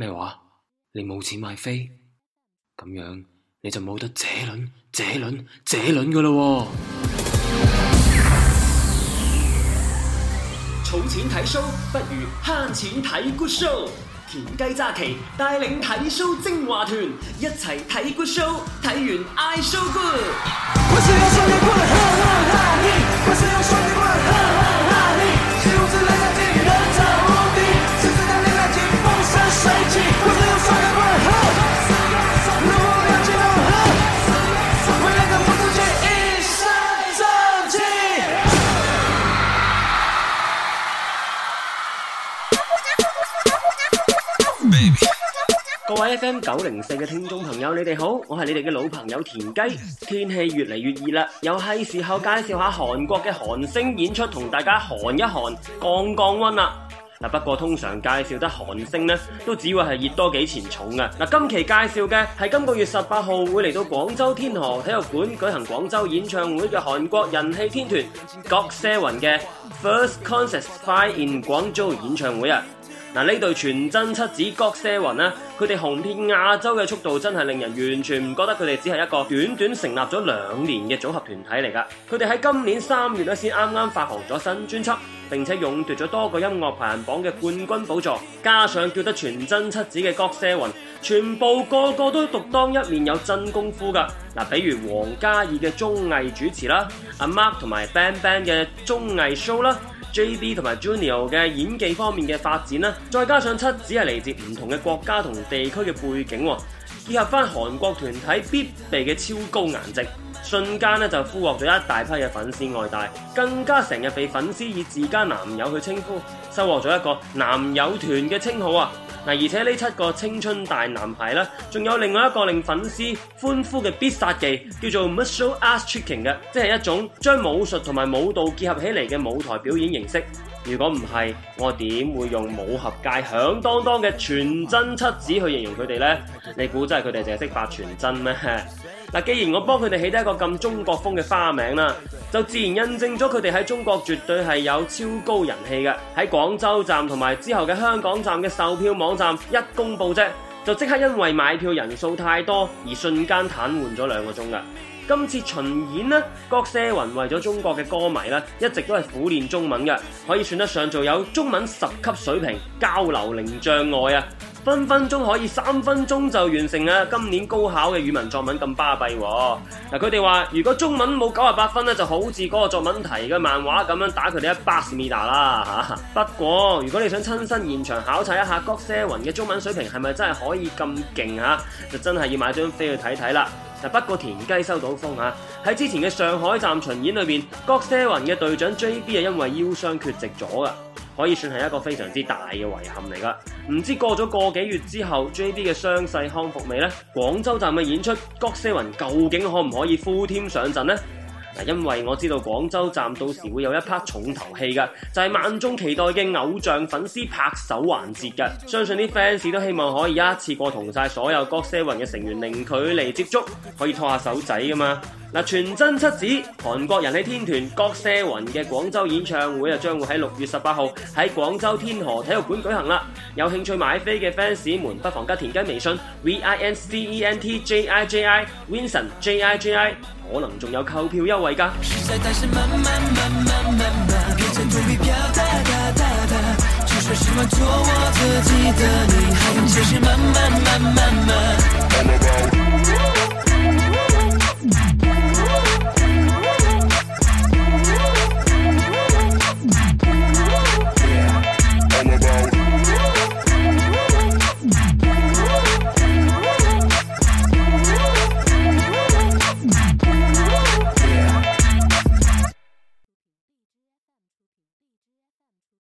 咩話？你冇錢買飛，咁樣你就冇得這輪、這輪、這輪噶啦！儲錢睇 show 不如慳錢睇 good show，田雞揸旗帶領睇 show 精華團，一齊睇 good show，睇完 I show good。 各位 FM 九零四嘅聽眾朋友，你哋好，我係你哋嘅老朋友田雞。天氣越嚟越熱啦，又係時候介紹下韓國嘅韓星演出，同大家寒一寒，降降溫啦。嗱，不過通常介紹得韓星呢，都只會係熱多幾錢重嘅。嗱，今期介紹嘅係今個月十八號會嚟到廣州天河體育館舉行廣州演唱會嘅韓國人氣天團 GOT7、ok，嘅 First Concerts Fly in Guangzhou 演唱會啊！嗱，呢對全真七子 GOT7 咧，佢哋紅遍亞洲嘅速度真係令人完全唔覺得佢哋只係一個短短成立咗兩年嘅組合團體嚟㗎。佢哋喺今年三月咧先啱啱發行咗新專輯，並且勇奪咗多個音樂排行榜嘅冠軍寶座。加上叫得全真七子嘅 GOT7，全部個個都獨當一面，有真功夫㗎。嗱，比如王嘉爾嘅綜藝主持啦，阿 Mark 同埋 BamBam 嘅綜藝 show 啦。J.B 同埋 Junior 嘅演技方面嘅發展啦，再加上七子係嚟自唔同嘅國家同地區嘅背景，結合翻韓國團體必備嘅超高顏值，瞬間咧就俘獲咗一大批嘅粉絲愛戴，更加成日被粉絲以自家男友去稱呼，收穫咗一個男友團嘅稱號啊！而且呢七個青春大男孩呢，仲有另外一個令粉絲歡呼嘅必殺技，叫做 martial arts tricking 嘅，即係一種將武術同埋舞蹈結合起嚟嘅舞台表演形式。如果唔係，我點會用武俠界響噹噹嘅全真七子去形容佢哋呢？你估真係佢哋淨係識發全真咩？嗱，既然我幫佢哋起得一個咁中國風嘅花名啦，就自然印證咗佢哋喺中國絕對係有超高人氣嘅。喺廣州站同埋之後嘅香港站嘅售票網站一公布啫，就即刻因為買票人數太多而瞬間癱瘓咗兩個鐘嘅。今次巡演呢，郭嘉雲為咗中國嘅歌迷呢，一直都係苦練中文嘅，可以算得上做有中文十級水平，交流零障礙啊！分分鐘可以三分鐘就完成啊！今年高考嘅語文作文咁巴閉喎，嗱，佢哋話如果中文冇九十八分咧，就好似嗰個作文題嘅漫畫咁樣打佢哋一巴思密達啦嚇。 不過如果你想親身現場考察一下 GOT7 嘅中文水平係咪真係可以咁勁啊，就真係要買張飛去睇睇啦。其實不過田雞收到風啊，喺之前嘅上海站巡演裏邊，GOT7 嘅隊長 JB 係因為腰傷缺席咗㗎。可以算係一個非常之大嘅遺憾嚟噶，唔知過咗個幾月之後，JB 嘅傷勢康復未呢？廣州站嘅演出，GOT7 究竟可唔可以呼添上陣呢？因為我知道廣州站到時會有一 part 重頭戲噶，就係、是、萬眾期待嘅偶像粉絲拍手環節噶，相信啲 fans 都希望可以一次過同晒所有 GOT7 嘅成員零距離接觸，可以拖下手仔噶嘛。嗱，全真七子、韓國人氣天團郭社雲嘅廣州演唱會啊，將會喺六月十八號喺廣州天河體育館舉行啦！有興趣買飛嘅 fans 們，不妨加田雞微信 v i n c e n t j i j i vincent j i j i，可能仲有購票優惠㗎。